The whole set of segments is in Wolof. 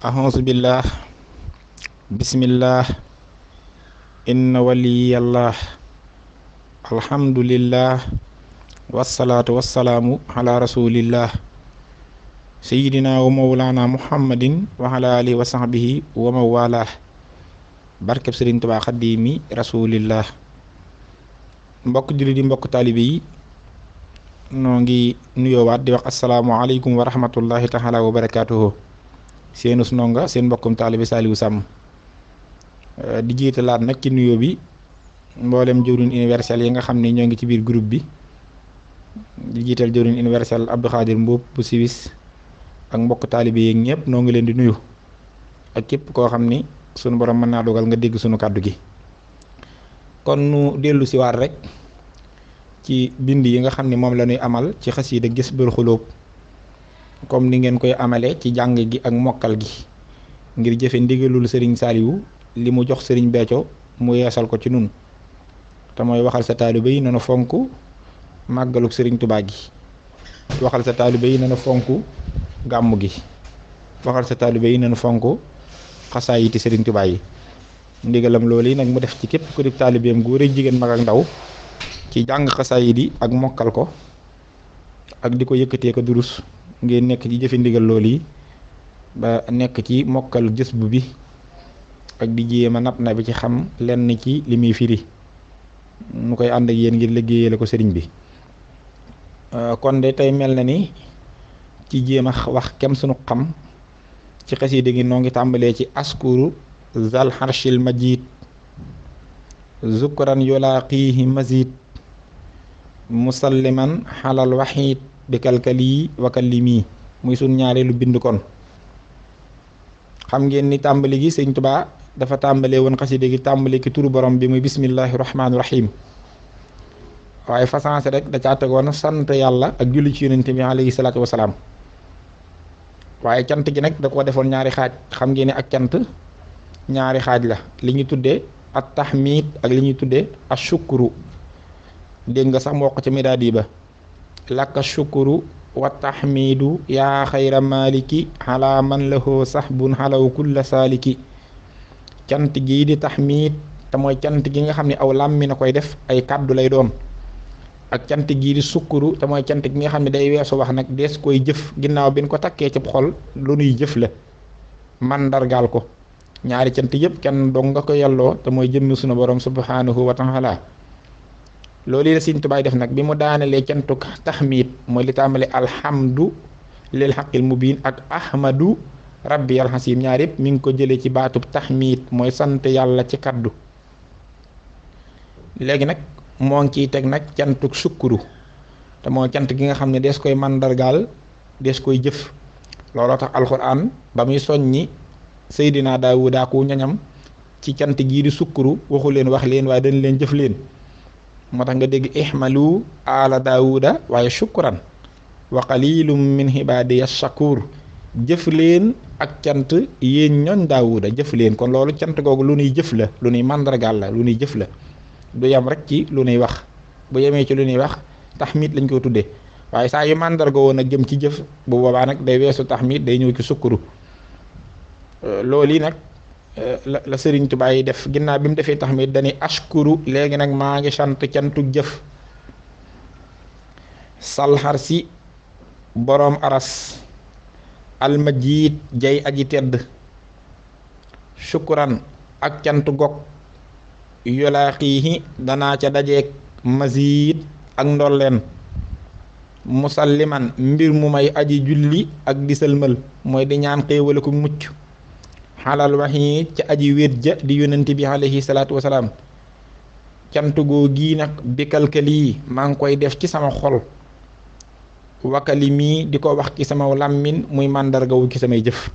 أعوذ بالله بسم الله إن ولي الله الحمد لله والصلاة والسلام على رسول الله سيدنا ومولانا محمد وعلى آله وصحبه ومن والاه barkeb sëriñ Tuubaa xaddiimi rasulillah mbokk jullit yi mbokk taalibe yi noo ngi nuyoowaat di wax asalaamualeykum wa rahmatullahi taala wa barakaatuhu seenus nonga seen mbokkum taalibe salihu sam eh, di lat nak ci nuyo bi mbollem jëwriñ universel yi nga xamni ñoo ngi ci biir groupe bi di jital jëwriñ universel Abdou Khadir mbop bu civis ak mbokk taalibe yi ñepp no ngi leen di nuyu ak kep ko xamni ni sunu borom mën naa dogal nga dégg sunu kaddu gi kon nu delu si war rek ci bind yi nga xamni mom la amal ci xasida Jazbul khulub comme ni ngeen koy amale ci jàng gi ak mokkal gi ngir jëfe ndigalul sëriñ Saliou li mu jox sëriñ Béthio mu yeesal ko ci nun te mooy waxal sa taalibe yi nanu fonk màggaluk sëriñ Touba gi waxal sa taalibe yi nanu fonk gàmm gi waxal sa taalibe yi nanu fonk xasaayiti sëriñ tubaay yi ndigalam loolu yi nag mu def ci képp ku di taalibeem góor jigéen mag ak ndaw ci jàng xasaayit ak mokkal ko ak di ko yëkkatee ko durus ngeen nekk ci jëfe ndigal loolu yi ba nekk ci mokkal jës bi ak di jéem a nap na bi ci xam lenn ci limuy muy firi nu koy ànd ak yéen ngir liggéeyale ko sëriñ bi euh, kon de tey mel na ni ci jéem a wax kem sunu xam ci xasida gi noo ngi tàmbalee ci askuru zal harshil majid zukran yulaaqihi mazid musalliman xalal waxiid bi kalkali wa kallimi muy sun lu bind kon xam ngeen ni tambali gi seigne touba dafa tambale won qasida gi tambale ki turu borom bi muy bismillahir rahmanir rahim waaye façanse rek da ca tegoon sante yalla ak julli ci yonente bi alayhi salatu wassalam waye cant gi nak da ko defon ñaari xaj xam ngeen ni ak cant ñaari xaj la li ñu at tahmid ak li ashukru nga sax moko ci laka shukuru wa taxmiidu yaa xayra maaliki xalaa man lahoo saxbun xalaw kulla saaliki cant gii di taxmiid te mooy cant gi nga xam ne aw làmmi koy def ay kàddu lay doon ak cant gii di sukkuru te cant gi nga xam ne day weesu wax nag dees koy jëf ginnaaw bi nu ko takkee ci xol lu nuy jëf la màndargaal ko ñaari cant yëpp kenn doog nga ko yelloo te mooy jëmmi sunu borom subhaanahu wa taala loolu la Sëriñ Tuubaa def nag bi mu daanelee cantu taxmiid mooy li tàmbale alhamdu lil xaqil biin ak ahmadu rabbi alxasim ñaar yëpp mi ngi ko jëlee ci baatub taxmiid mooy sant yàlla ci kàddu léegi nag moo ngi ciy teg nag cantuk sukkuru te moo cant gi nga xam ne des koy màndargaal des koy jëf looloo tax alxuraan ba muy soññi Seydina daa ku ñañam ci cant gii di sukkuru waxu leen wax leen waaye dañ leen jëf leen moo tax nga dégg ihmalu ala daawuda waaye shukran wa qalilum min ibadiya shakur jëf leen ak cant yéen ñooñ daawuda jëf leen kon loolu cant googu lu nuy jëf la lu nuy màndargaal la lu nuy jëf la du yem rek ci lu nuy wax bu yemee ci lu nuy wax taxmiit lañ ko tuddee waaye saa yu màndarga woon a jëm ci jëf bu boobaa nag day weesu taxmiit day ñëw ci sukkuru euh, loolu yi nag la la Serigne Touba def ginnaaw bi mu defee tax mi dañuy ashkuru léegi nag maa ngi sant cantu jëf salxar boroom aras almajiit jay aji tedd shukran ak cantu gog yolaaxiihi danaa ca dajeeg masiit ak ndolleen musalliman mbir mu may aji julli ak di sëlmal mooy di ñaan xéewale ku mucc Halal waxi ci aji wér ja di yonenti bi alayhi wasalam wasalaam go gi nak bi kalkali maa ngi koy def ci sama xol Wakalimi, diko di wax ci sama lamin muy gaw ci sama jef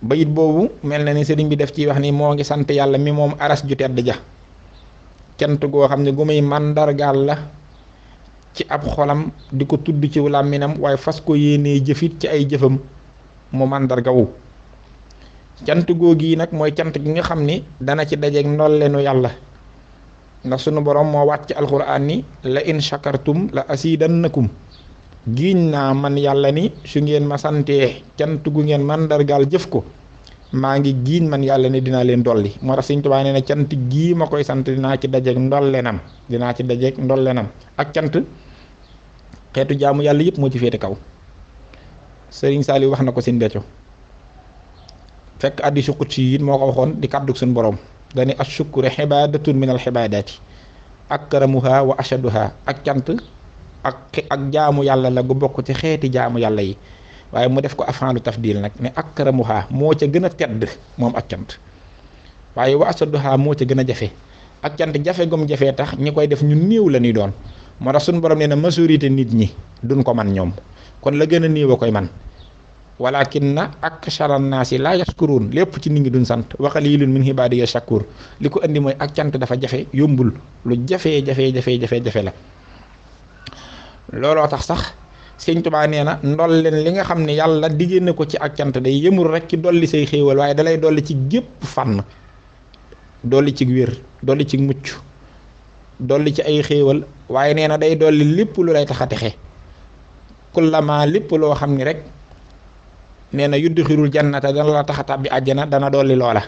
bayit bobu melna ni serigne bi def ci wax ni mo ngi sante yalla mi mom aras ju tedd ja cant go xam gumay mandar gal la ci ab xolam di tuddu tudd ci làmminam way fas ko yene jefit ci ay mo mandar cant googu yi nag mooy cant gi nga xam ni dana ci dajeeg ndolleenu yàlla ndax sunu borom moo waat ci alxuraan ni la in shakartum la asidannakum giiñ naa man yàlla ni su ngeen ma santee cant gu ngeen mandargaal jëf ko maa ngi giiñ man yàlla ni dinaa leen dolli moo tax Sëriñ Tuubaa nee na cant gii ma koy sant dinaa ci dajeek dajeeg ndollenam dinaa ci dajeek dajeeg ndollenam ak cant xeetu jaamu yàlla yëpp moo ci féete kaw Sëriñ saali wax na ko Sëriñ Béthio fekk addisu qudsi yi moo ko waxoon di kàddug suñu borom dani ashukru xibadatun min al xibaadaati akramuha wa ashaduha ak cant ak ak jaamu yàlla la gu bokk ci xeeti jaamu yàlla yi waaye mu def ko afaan lu tafdil nag ne akramuha moo ca gën a tedd moom ak cant waaye wa ashaduha moo ca gën a jafe ak cant jafe gum jafee tax ñi koy def ñu néew la ñuy doon moo tax suñu borom nee na majorité nit ñi duñ ko man ñoom kon la gën a néew a koy man walakinna akshara nnaasi laa yashkuruun lépp ci nit ñi duñ sant wa qalilun min ibaadiya shakuur li ko indi mooy ak cant dafa jafe yombul lu jafee jafe jafe jafe jafe la looloo tax sax sëñ Tuubaa nee na ndol leen li nga xam ne yàlla diggée na ko ci ak cant day yëmul rek ci dolli say xéewal waaye dalay dolli ci gépp fànn dolli ci wér dolli ci mucc dolli ci ay xéewal waaye nee na day dolli lépp lu lay tax a texe kullamaa lépp loo xam ni rek neena yudkhilul jannata dana la taxata bi aljana dana doli lola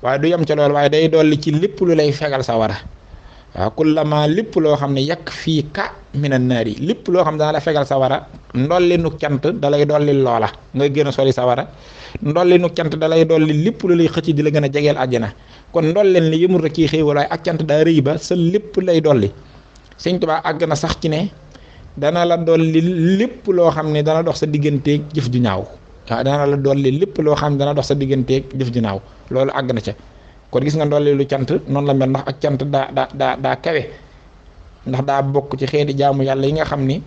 waaye du yam idoli lol waaye day doli ci lepp lu lay fegal sawara wa kullama lepp lo xamne yak fi ka minan nari lepp lo xamne dana la fegal sawara ndolli nu cyant dalay doli lola. loola nga sawara ndolli nu cyant dalay doli lepp lu lay xëc di la gëna jégel aljana kon ndollen li yëmul rek kii xéewal ay ak cant daa ba sa lepp lay dolli seigne tuba agna sax ci ne dana la doli lepp lo xamne dana dox sa digënté jëf ju ñaaw ta dana la dolli lepp lo xam dana dox sa digganteeg ak def ginaaw loolu àgg na ca kon gis nga dolli lu cyant non la mel ndax ak cyant da da da daa kawe ndax da bok ci xéeti jaamu yalla yi nga xam ni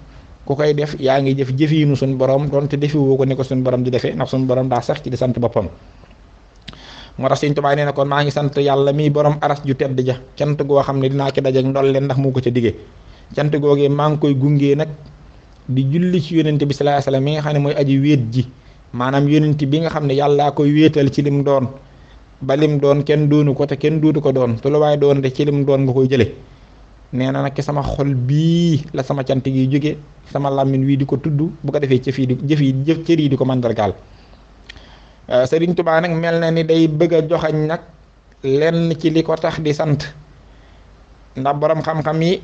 ku koy def yaa ngi jëf jëfiinu sun borom te defi woko ne ko sun borom di defé ndax sun borom da sax ci di sante bopam mo tax Sëñ Tuubaa nee na kon maa ngi sant yàlla mii borom aras ju tedd ja cyant go xam ne dinaa ci ak dolle ndax moko ko digé cyant goge mang koy gungé nak di julli ci yonente bi sallallahu alayhi wasallam nga xam ne aji wéet ji manam yonent bi nga xamne yalla koy ci lim doon ba lim doon ken doonu ko te ken doodu ko doon to la way doon de ci lim doon nga koy jele neena nak sama xol bi la sama cant gi joge sama lamin wi diko tuddu bu ko defee ci fi di jëf yi jëf cër yi di ko màndargaal euh, Sëriñ Tuubaa nag mel na ni day bëgg joxagn nak len ci liko tax di sante borom xam-xam yi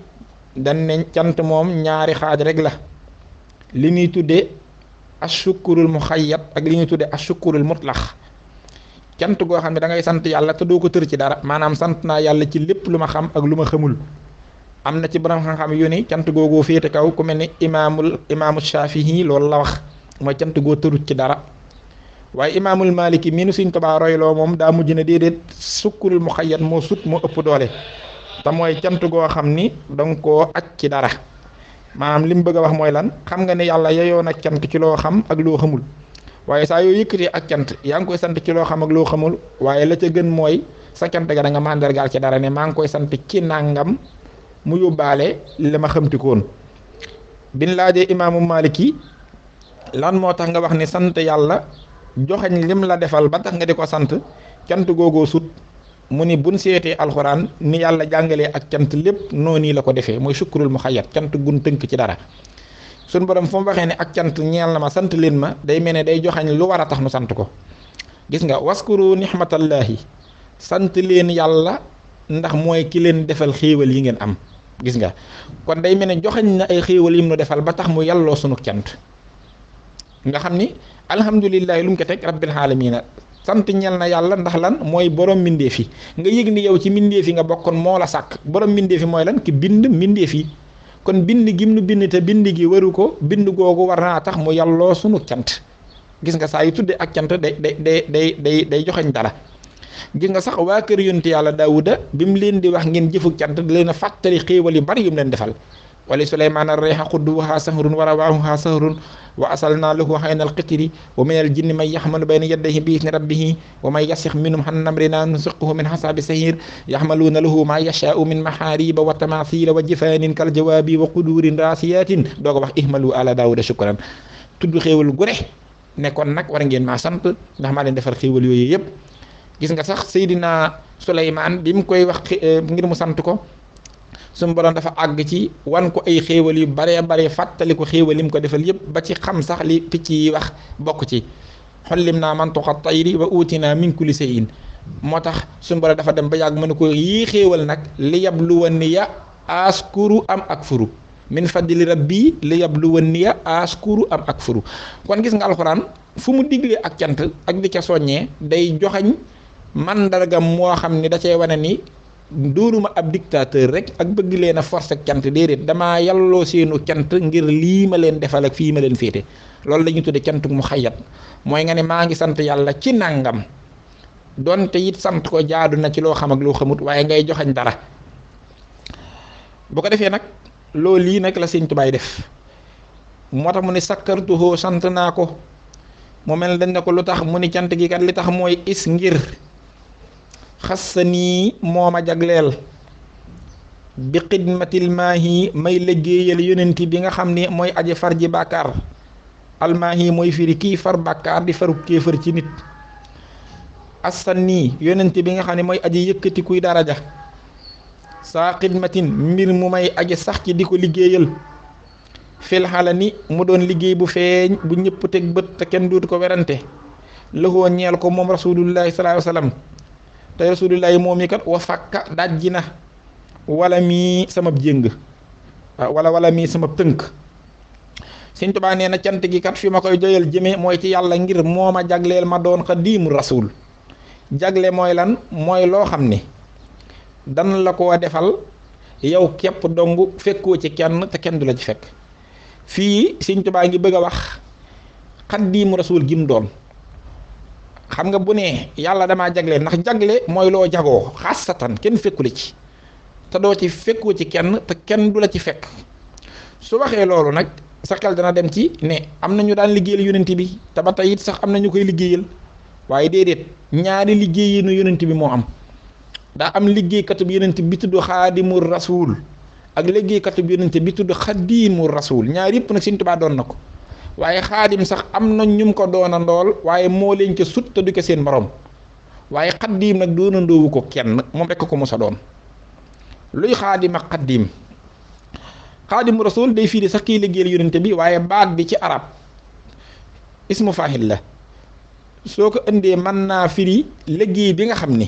dan ne cant mom ñaari xaaj rek la li ñuy ashukurul muxayyad ak li ñuy tuddee ashukurul mutlax cant goo xam ne dangay sant yàlla te doo ko tër ci dara maanaam sant naa yàlla ci lépp lu ma xam ak lu ma xamul am na ci borom xam-xam yu ni cant googu féete kaw ku mel ni imaamul imaamu Shaafihi loolu la wax mooy cant goo tërut ci dara waaye imaamul Maliki mii nu Sëriñ Tuubaa royloo moom daa mujj ne déedéet sukkurul muxayyad moo sut moo ëpp doole te mooy cant goo xam ni danga koo aj ci dara. maanaam li mu bëgg a wax mooy lan xam nga ne yàlla yeyoon ak cant ci loo xam ak loo xamul waaye saa yoo yëkkatee ak cant yaa ngi koy sant ci loo xam ak loo xamul waaye la ca gën mooy sa cant ga da nga màndargaal ci dara ne maa ngi koy sant ci nàngam mu yóbbaale li ma xamtikoon bin laajee imaamu Maliki lan moo tax nga wax ni sant yàlla joxañ lim la defal ba tax nga di ko sant cant googoo sut mu ni buñ seetee ni yalla jàngalee ak cant lepp noni la ko défé moy sukkurul mu xayat cant gun tënk ci dara sun borom fu waxé waxee ak cant ñeal na ma sant leen ma day mel day joxañ lu wara tax nu sant ko gis nga waskuru nixmatallahi sant leen yalla ndax moy ki leen defal xéewal yi ngeen am gis nga kon day mel joxañ na ay xéewal yi mu defal ba tax mu yallo sunu cant nga xamni ni lum ko tek rabbil alamin sant ñel na yàlla ndax lan mooy borom mbindeef yi nga yëg ni yow ci mbindeef yi nga bokkoon moo la sàkk borom mbindeef mooy lan ki bind mbindeef yi kon bind gim nu bind te bind gi waru ko bind googu war naa tax mu yàlloo sunu cant gis nga saa yi tuddee ak cant day day day day day day joxeñ dara gis nga sax waa kër yonent yàlla Daawuda bi mu leen di wax ngeen jëfu cant da leen a fàttali xéewal yu bari yu leen defal ولسليمان الريح قدوها سهر وروعها سهر وأصلنا له حين القتل ومن الجن من يحمل بين يديه بإذن ربه ومن يسخ منهم حن أمرنا نسقه من حساب سهير يحملون له ما يشاء من محاريب وتماثيل وجفان كالجواب وقدور راسيات دوغ واخ اهملوا على داود شكرا تود خيول gu نيكون ناك nag نين ما سانت sant ما لين ديفال خيول يوي ييب غيس gis nga sax Seydina Suleymaan bi mu koy wax ngir mu suñu borom dafa àgg ci wan ko ay xéewal yu baree bare fàttali ko xéewal lim ko defal yëpp ba ci xam sax li picc yi wax bokk ci xollim naa mantuqa tayri wa uutinaa min kulli shay'in moo tax suñu borom dafa dem ba yàgg mën ko yii xéewal nag li yabluwanniya askuru am akfuru min fadli rabbi li yabluwanniya askuru am akfuru kon gis nga alxuraan fu mu digle ak cant ak di ca soññee day joxañ mandargam moo xam ni da cee wane ni doonuma ab dictateur rek ak bëgg leen a force ak cant déedéet damaa yalloo seenu cant ngir lii ma leen defal ak fii ma leen féete loolu lañuy ñuy tudde cant mu xayat mooy nga ne maa ngi sant yàlla ci nàngam donte it sant ko jaadu na ci loo xam ak loo xamut waaye ngay joxañ dara bu ko defee nag loolu lii nag la Sëñ Tuubaa def moo tax mu ne sakkartuhoo sant naa ko mu mel dañ ne ko lu tax mu ne cant gi kat li tax mooy is ngir khassani moma jaglel bi xidmatil maahi may liggéeyal yonenti bi nga xam moy aji far bakar. bàkkaar almaahi firi far bakar di faru kefer ci nit assanni yonenti bi nga xam moy aji yëkkati kuy daraja saa khidmatin mir mu may aji sax ci di ko fil halani mu don liggey bu feñ bu ñepp tek beut te ken duutu ko werante lëxoo ñeel ko mom rasulullah sallallahu alaihi wasallam. te rasulillahi moom i kat wa fakka dajji na walla mii sama jéng ah, wala wala mii sama tënk Sëñ Tuubaa nee na cant gi kat fi ma koy joyal jëme mooy ci yàlla ngir moo ma jagleel ma doon xadiimu rasul jagle mooy lan mooy loo xam ne dan la koo defal yow képp dong fekkoo ci kenn te kenn du la ci fekk fii Sëñ Tuubaa ngi bëgg a wax xadiimu rasul gi mu doon xam nga bu ne yàlla damaa jagle ndax jagle mooy loo jagoo xasatan kenn fekku la ci te doo ci fekku ci kenn te kenn du la ci fekk su waxee loolu nag sa xel dana dem ci ne am na ñu daan liggéeyal yonent bi te ba tey it sax am na ñu koy liggéeyal waaye déedéet ñaari liggéeyinu yonent bi moo am daa am liggéeykatub yonent bi tudd xaadimul rasuul ak liggéeykatub yonent bi tudd xadiimul rasuul ñaar yëpp nag Sëñ Tuubaa doon na ko. waaye xaadim sax am na ñum ko doona ndool waaye moo leen ca sut te du ko seen moroom waaye xaddiim nag doona ndoowu ko kenn moom rekk ko mos sa doon luy xaadim ak xaddiim xaadimu rasul day fii di sax kiy liggéeyal yonente bi waaye baat bi ci arab ismu la soo ko indee mën naa firi liggéey bi nga xam ni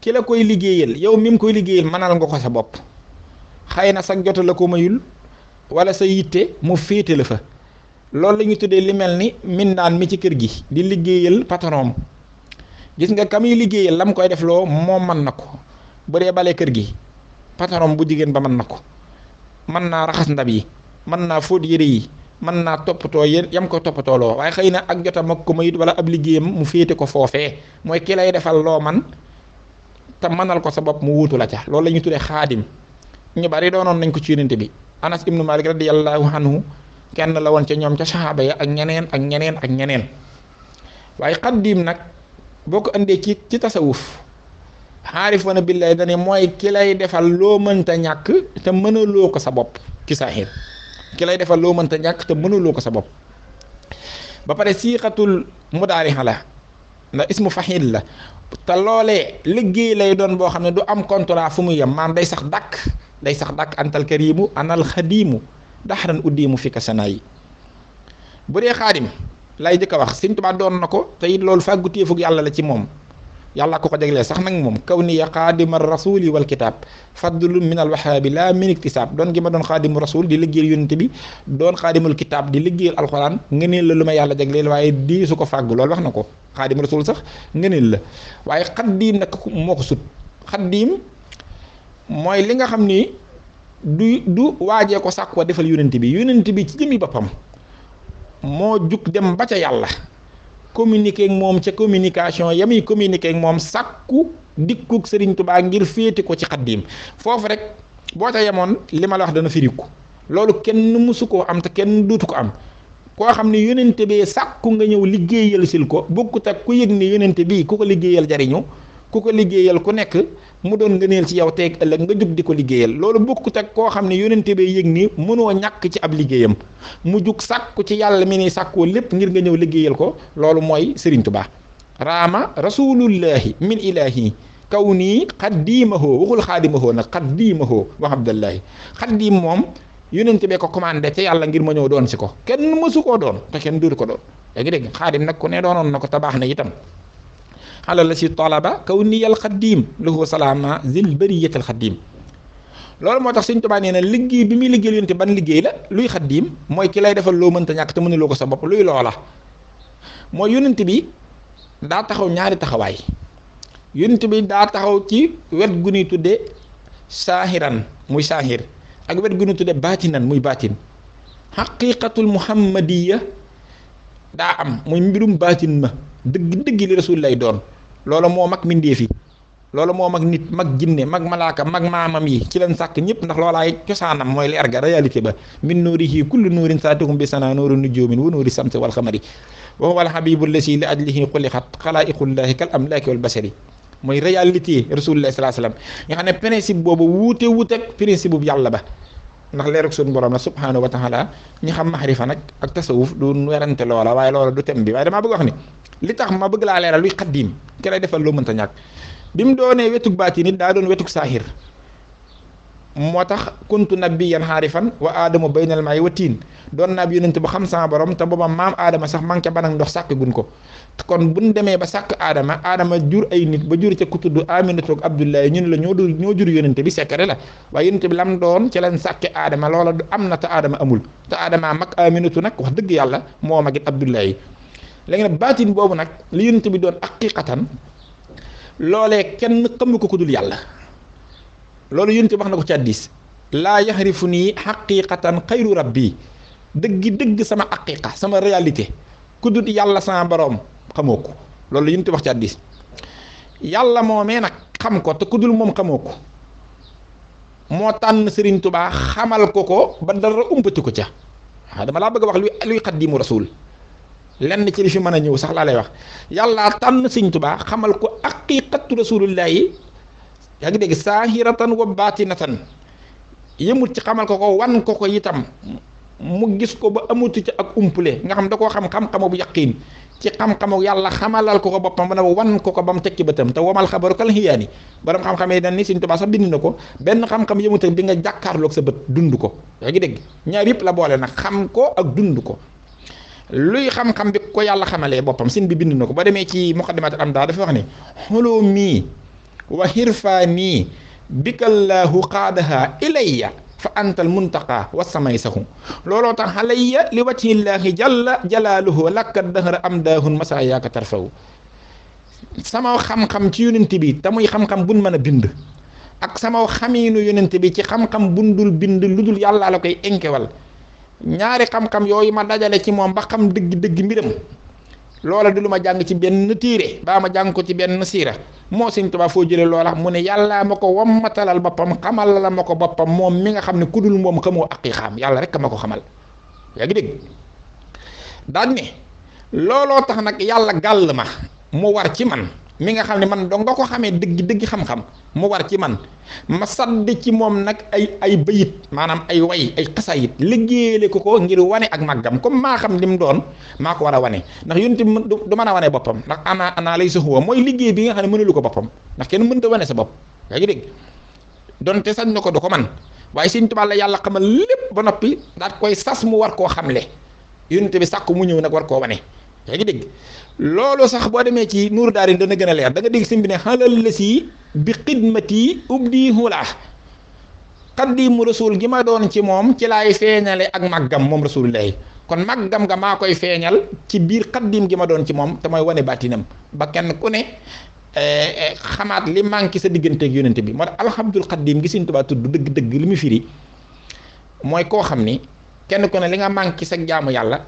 ki la koy liggéeyal yow mi mu koy liggéeyal mënal nga ko sa bopp xay na sa jot la ko mayul wala sa yitte mu féete la fa lolou lañu tuddé li mel ni min nan mi ci kër gi di liggéeyal patron gis nga kamuy liggéeyal lam koy def lo mo man nako bëré balé kër gi patron bu jigéen ba man nako man na raxas ndab yi man na fóot yéré yi man na topato yam ko topato lo waaye xeyna ak jotam ak ko mayit wala ab liggéeyam mu fété ko fofé moy ki lay defal lo man ta manal ko sa bop mu wutula ca lolou lañu tuddé khadim ñu bari doonon nañ ko ci bi anas ibnu malik radiyallahu anhu kenn la woon ca ñoom ca saxaaba ya ak ñeneen ak ñeneen ak ñeneen waaye xaddiim nag boo ko indee ci ci tasawuf xaarifoona billaay dane mooy ki lay defal loo mënta ñàkk te mënaloo ko sa bopp ci saaxir ki lay defal loo mënta ñàkk te mënuloo ko sa bopp ba pare siixatul mudaarixa la ndax ismu faxiil la te loolee liggéey lay doon boo xam ne du am contrat fu muy yem maam day sax dàkk day sax dàkk antal kariimu anal xadiimu daxaran uddi mu fikka sanaa yi bu dee xaadim lay jëkk a wax Sëriñ Tuubaa doon na ko te loolu fàggu téefug yàlla la ci moom yàlla ko ko jeglee sax nag moom kaw ni ya xaadima rasuli wal kitaab fadlun min al wahaabi la min iktisaab doon gi ma doon xaadimu rasul di liggéeyal yonent bi doon xaadimul kitaab di liggéeyal alxuraan ngëneel la lu ma yàlla jagleel waaye dii su ko fàgg loolu wax na ko xaadimu rasul sax ngëneel la waaye xaddiim nag moo ko sut xaddiim mooy li nga xam ni du du waajee ko sàkk wa defal yonent bi yonent bi ci jëmmi boppam moo jug dem ba ca yàlla communiquer moom ca communication ya muy communiquer ak moom sàkku dikkuk Sëriñ baa ngir féete ko ci xaddiim foofu rek boo ca yemoon li ma la wax dana firiku loolu kenn mësu koo am te kenn duutu ko am koo xam ne yonent bee sàkku nga ñëw liggéeyal sil ko bokkut ak ku yëg ni yonent bi ku ko liggéeyal jariñu ku ko liggéeyal ku nekk mu doon ngëneel ci yow te ëllëg nga jug di ko liggéeyal loolu bokkut ak koo xam ne yónente bee yëg ni mënoo ñàkk ci ab liggéeyam mu jug sàkku ci yàlla mi nii sàkkoo lépp ngir nga ñëw liggéeyal ko loolu mooy Sëriñ Tuubaa raama rasulullahi min ilahi kaw nii xaddiimahoo waxul xaadimahoo nag xaddiimahoo wax abdallahi xaddiim moom yónente bee ko commandé ca yàlla ngir ma ñëw doon si ko kenn mësu koo doon te kenn duur ko doon yaa ngi dégg xaadim nag ku ne doonoon na ko tabaax na itam على talaba ka unni al له lahu salama zil bariyat al moo lolou motax seigne touba neena liggey bi mi liggey yonte ban liggey la luy khadim moy ki lay defal lo meunta ñak te meunu loko sa bop luy lola. moy yonent bi da taxaw ñaari taxaway yonent bi da taxaw ci wet guni ñuy tudde saahiran muy sahir ak wet guni tudde muy batin haqiqatul muhammadiya da am muy mbirum batin ma deug deug li rasul doon loola moo mag mbindéef yi loola moo mag nit mag jinne mag malaaka mag maamam yi ci leen sàkk ñëpp ndax loolaay cosaanam mooy leer ga réalité ba min nuurihi kullu nuurin saatikum bi sana nuuru nujuumin wa nuuri samsi wal xamari wa huwa al habibu lasi li ajlihi xulixat xalaa'iqullaahi kal amlaaki wal basari mooy réalité rasulullah salaa salaam nga xam ne principe boobu wuute wuute ak principe bu yàlla ba ndax leerug suñu borom la subhaanahu wa taala ñi xam loola waaye loola du tem bi wax ni li tax ma bëgg laa leeral luy xaddiim ki lay defal loo mënta ñàkk bi mu doonee wetug baati nit daa doon wetug saaxir moo tax kuntu xaari fan wa aadamu baynal maay wa tiin doon naab yonent bu xam sama borom te booba maam aadama sax manqué banag ndox sàkk gun ko kon buñ demee ba sàkk aadama aadama jur ay nit ba jur ca ku tudd Aminata ak Abdullahi ñu ne la ñoo du ñoo jur yonent bi sekkare la waaye yonent bi lam doon ci lañ sàkke aadama loola am na te aadama amul te aadama mag Aminatu nag dëgg yàlla moo magit Abdullahi léegi batin baatin nak nak li yonent bi doon aqiqatan lolé kenn xam ko kudul yalla yàlla loolu yonent bi wax nako ci hadith la yahrifuni haqiqatan rabbi deug deug sama aqiqa sama realité kudul yalla sama borom xamoko ko loolu yonent bi wax ci hadith yalla momé nak xam ko te kudul mom xamoko mo tan Serigne Touba xamal ko ko ba dara umpati ca dama wax luy qaddimu rasul lenn ci li fi mëna a ñëw sax la lay wax yalla tan sëñ tuba xamal ko aqiqatu rasulullah ya ngi deg sahiratan wa batinatan yëmut ci xamal ko ko wan ko ko itam mu gis ko ba amutu ci ak umpule nga xam da ko xam xam xam bu yaqeen ci xam ak yalla xamalal ko ko bopam na wan ko ko bam tekki bëtam taw wamal xabaru kal hiyani borom xam xamé dañ ni sëñ tuba sax bindina ko ben xam-xam yëmut bi nga jàkkaarloog sa bet dund ko ya ngi deg ñaar yëpp la boole nak xam ko ak dund ko luy xam-xam bi ko yàlla xamalee boppam sin bi bind na ko ba demee ci muqaddimat muqaddimatul amdaa dafa wax ne xulumi wa xirfaani bikallahu qaadaha ilayya fa anta al muntaqa wa samaysahu looloo tax alayya li wati llaahi jalla jalaaluhu lakka dahra amdaahun masaayaaka tarfawu sama xam-xam ci yonent bi te muy xam-xam buñ mën a bind ak sama xamiinu yonent bi ci xam-xam bundul bind lu yàlla la koy enkewal ñaari xam-xam yooyu ma dajale ci moom ba xam dëgg-dëgg mbiram loola di lu ma jàng ci benn tiire baa ma jàng ko ci benn siira moo Sëñ Tuubaa foo jële loola mu ne yàllaa ma ko wammatalal boppam xamal la ma ko boppam moom mi nga xam ne ku dul moom xamoo ak aqi xaam yàlla rek ma ko xamal yaa dégg daan ne looloo tax nag yàlla gàll ma mu war ci man mi nga xam ne man doo nga ko xamee dëgg dëgg xam-xam mu war ci man ma sadd ci moom nag ay ay bayit maanaam ay way ay xasayit liggéeyale ko ko ngir wane ak màggam comme maa xam li mu doon maa ko war a wane ndax yonent du mën a wane boppam ndax ana ana lay saxuwa mooy liggéey bi nga ne mënulu ko boppam ndax kenn mënta wane sa bopp yaa gi dégg donte sañ na ko du ko man waaye Sëñ Tuubaa la yàlla xamal lépp ba noppi daat koy sas mu war koo xamle yonent bi sàkk mu ñëw nag war koo wane yaa ngi dégg loolu sax bo demee ci nur daarin dana gën a leer da nga ne halal bi ubdi hula xaddimu rasul gi ma doon ci moom ci laay ak kon magam nga maa koy feeñal ci bir xaddim gima doon ci mom wane batinam ba kenn ku ne eh, eh, xamaat li manqué sa digganteeg yonente bi moo alhamdul xaddim gi Sëriñ Tuubaa tudd firi mooy ko xam kenn ku ne li nga manki sa jaamu yalla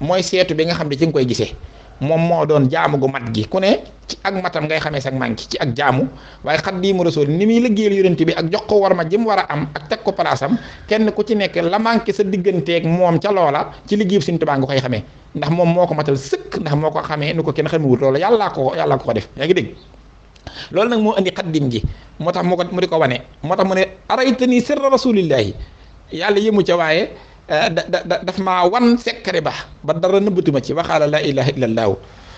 mooy seetu bi nga xam ne ci nga koy gisee moom moo doon jaamu gu mat gi ku ne ci ak matam ngay xamee sag manki ci ak jaamu waaye Xaadimu Rasuul ni muy liggéeyal yonent bi ak jox ko war ma jëm war a am ak teg ko palaasam kenn ku ci nekk la manqué sa digganteeg moom ca loola ci liggéeyub Sëñ Tuubaa nga koy xamee ndax moom moo ko matal sëkk ndax moo ko xamee nu ko kenn xamewut loola yàllaa ko yàllaa ko ko def yaa ngi dégg loolu nag moo indi xaddim ji moo tax mu ko mu di ko wane moo tax mu ne araytani sirra rasulillahi yàlla yëmu ca waaye Eh, da da daf ma wan secret ba ba dara nëbbatuma ci waxaala la ilaha illallahu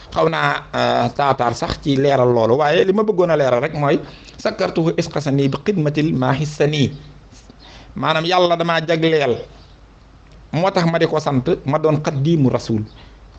xaw naa eh, taataar sax ci leeral loolu waaye li ma bëggoon a leeral rek mooy sakkartuhu isqasanii bi xidmatil maa hissanii maanaam yàlla damaa jagleel moo tax ma di ko sant ma doon xaddiimu rasul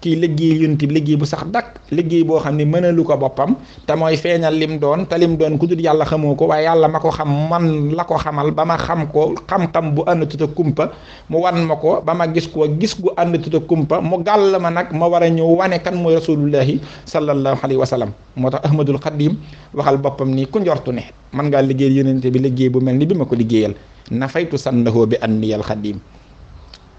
kii liggéey yunti liggéey bu sax dakk liggéey boo xam ni mënalu ko boppam te mooy feeñal lim doon te lim doon ku dul yàlla xamoo ko waaye yàlla ma ko xam man la ko xamal ba ma xam ko xam-xam bu ànd tuta kumpa mu wan ma ko ba ma gis ko gis gu ànd tuta kumpa mu gàll ma nag ma war a ñëw wane kan mooy rasulullahi sallallahu alayhi wa sallam moo tax ahmadul xadim waxal boppam nii ku njortu ne man ngaa liggéey yonente bi liggéey bu mel ni bi ma ko liggéeyal na faytu sannahoo bi anniyal xadim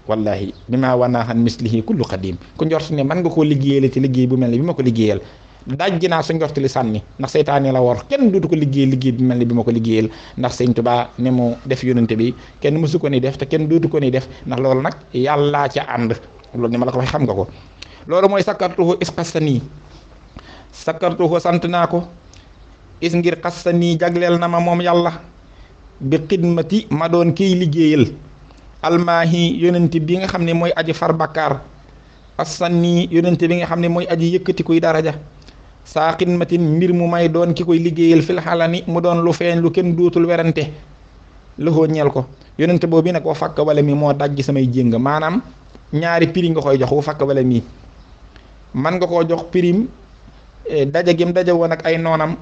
wallahi bi maa wanaaxan mislihi kullu xadim ku njort ne mën nga koo liggéeyale ci liggéey bu mel ni bi ma ko liggéeyal dajji naa su njort li sànni ndax seytaane la war kenn duutu ko liggéey liggéey bi mel ni bi ma ko liggéeyal ndax sëñ Tuubaa ne mu def yonante bi kenn mësu ko ni def te kenn duutu ko ni def ndax loolu nag yàllaa ca ànd loolu ni ma la ko waxee xam nga ko loolu mooy sakkartuhu is xassanii sakkartuhu sant naa ko is ngir xassanii jagleel na ma moom yàlla bi xidmati ma doon kiy liggéeyal almaahi yonente bi nga xam ne mooy aji far bakkaar nii yonente bi nga xam ne mooy aji yëkkati kuy daraja saa xidmatin mbir mu may doon ki koy liggéeyal fil xalani mu doon lu feeñ lu kenn dootul werante loxoo ñeel ko yonente boobu nag wa fakk wala mii moo dajji samay jéng maanaam ñaari prix nga koy jox wa fakk wale mii man nga koo jox prix eh, daja gim daja woon ak ay noonam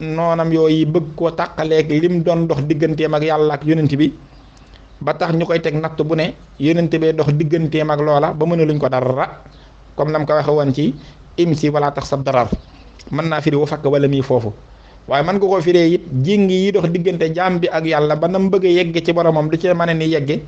noonam yooyu bëgg koo tàqaleeg lim doon dox digganteem ak yàlla ak yonent bi ba tax ñu koy teg natt bu ne yonent bee dox digganteem ak loola ba mën a luñ ko dara comme mu ko waxe woon ci imsi wala tax sab darar mën naa firi wa fakk wala mii foofu waaye man nga koo firee it jéngi yi dox diggante jaam bi ak yàlla ba na nam bëgg a yegge ci boromam du cee mën a ni yegge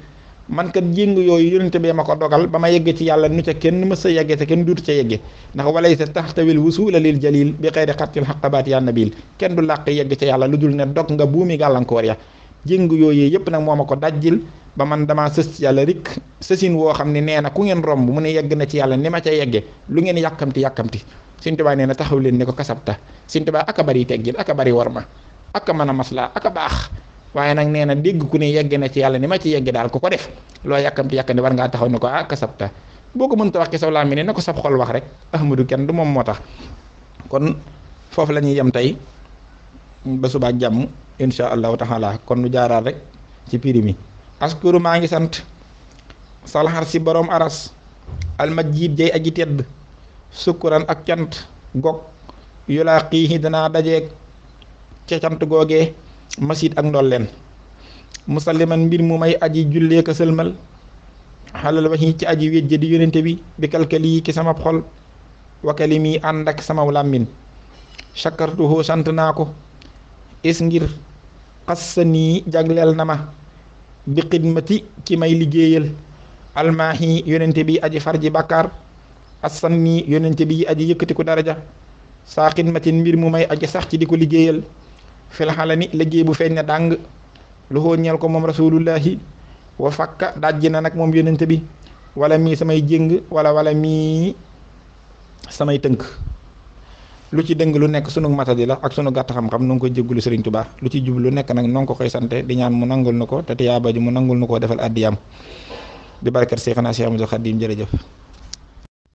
man kat jéngi yooyu yonent bee ma ko dogal ba ma yegge ci yàlla nu ca kenn mës a yegge te kenn duutu ca yegge ndax walay sa taxtawil wusula lil jalil bi xëy di xattil xaqabaat ya nabil kenn du làq yegg ca yàlla lu dul ne dog nga buumi gàllankoor ya jéng yooyee yëpp nag moo ma ko dajjil ba man damaa sës ci yàlla rik sësin woo xam ne nee na ku ngeen romb mu ne yegg na ci yàlla ni ma ca yeggee lu ngeen yàkkamti yàkkamti Sëñ Tuubaa nee na taxaw leen ne ko kasabta Sëñ Tuubaa aka bari teggin aka bari war ma aka mën a maslaa aka baax waaye nag nee dégg ku ne yegg na ci yàlla ni ma ci yegg daal ko ko def loo yàkkamti yàkkamti war ngaa taxaw ne ko ah kasabta boo ko mënta wax ci laa làmmiñ ne na ko sab xol wax rek ahmadu kenn du moom moo tax kon foofu la ñuy yem tey ba subaak jàmm incha allahu taala kon nu jaaraat rek ci piri mi askuru maa ngi sant salxar si boroom aras almajid jay aji tedd sukkuran ak cant gog yulaa xiixi danaa dajeeg ca cant googee masid ak ndolleen musalliman mbir mu may aji jullee ka sëlmal xalal waxi ci aji wéjje di yónente bi bi kalkali ki sama xol wakali mi ànd ak sama làmmin chakartuhu sant naa ko is ngir xassanii jagleel na ma bi xidmati ci may liggéeyal almaahi yonente bi aji far ji bàkkaar assanni yonente bi aji yëkkatiku daraja saa xidmatin mbir mu may aji sax ci di ko liggéeyal filxalani liggéey bu feeñ na dàng lu xoo ko moom rasulullahi wa fakka dajji na nag moom yonente bi wala mii samay jéng wala wala mii samay tënk lu ci dëng lu nekk sunu matadi la ak sunu gàtt xam-xam nu ngi koy jéggulu Sëriñ Tuubaa lu ci jub nekk nag noo ngi ko koy sante di ñaan mu nangul nu ko te tiyaaba ji mu nangul nu koo defal addiyam bi barkat Seexna Seex Ahmadul Xadiim jërëjëf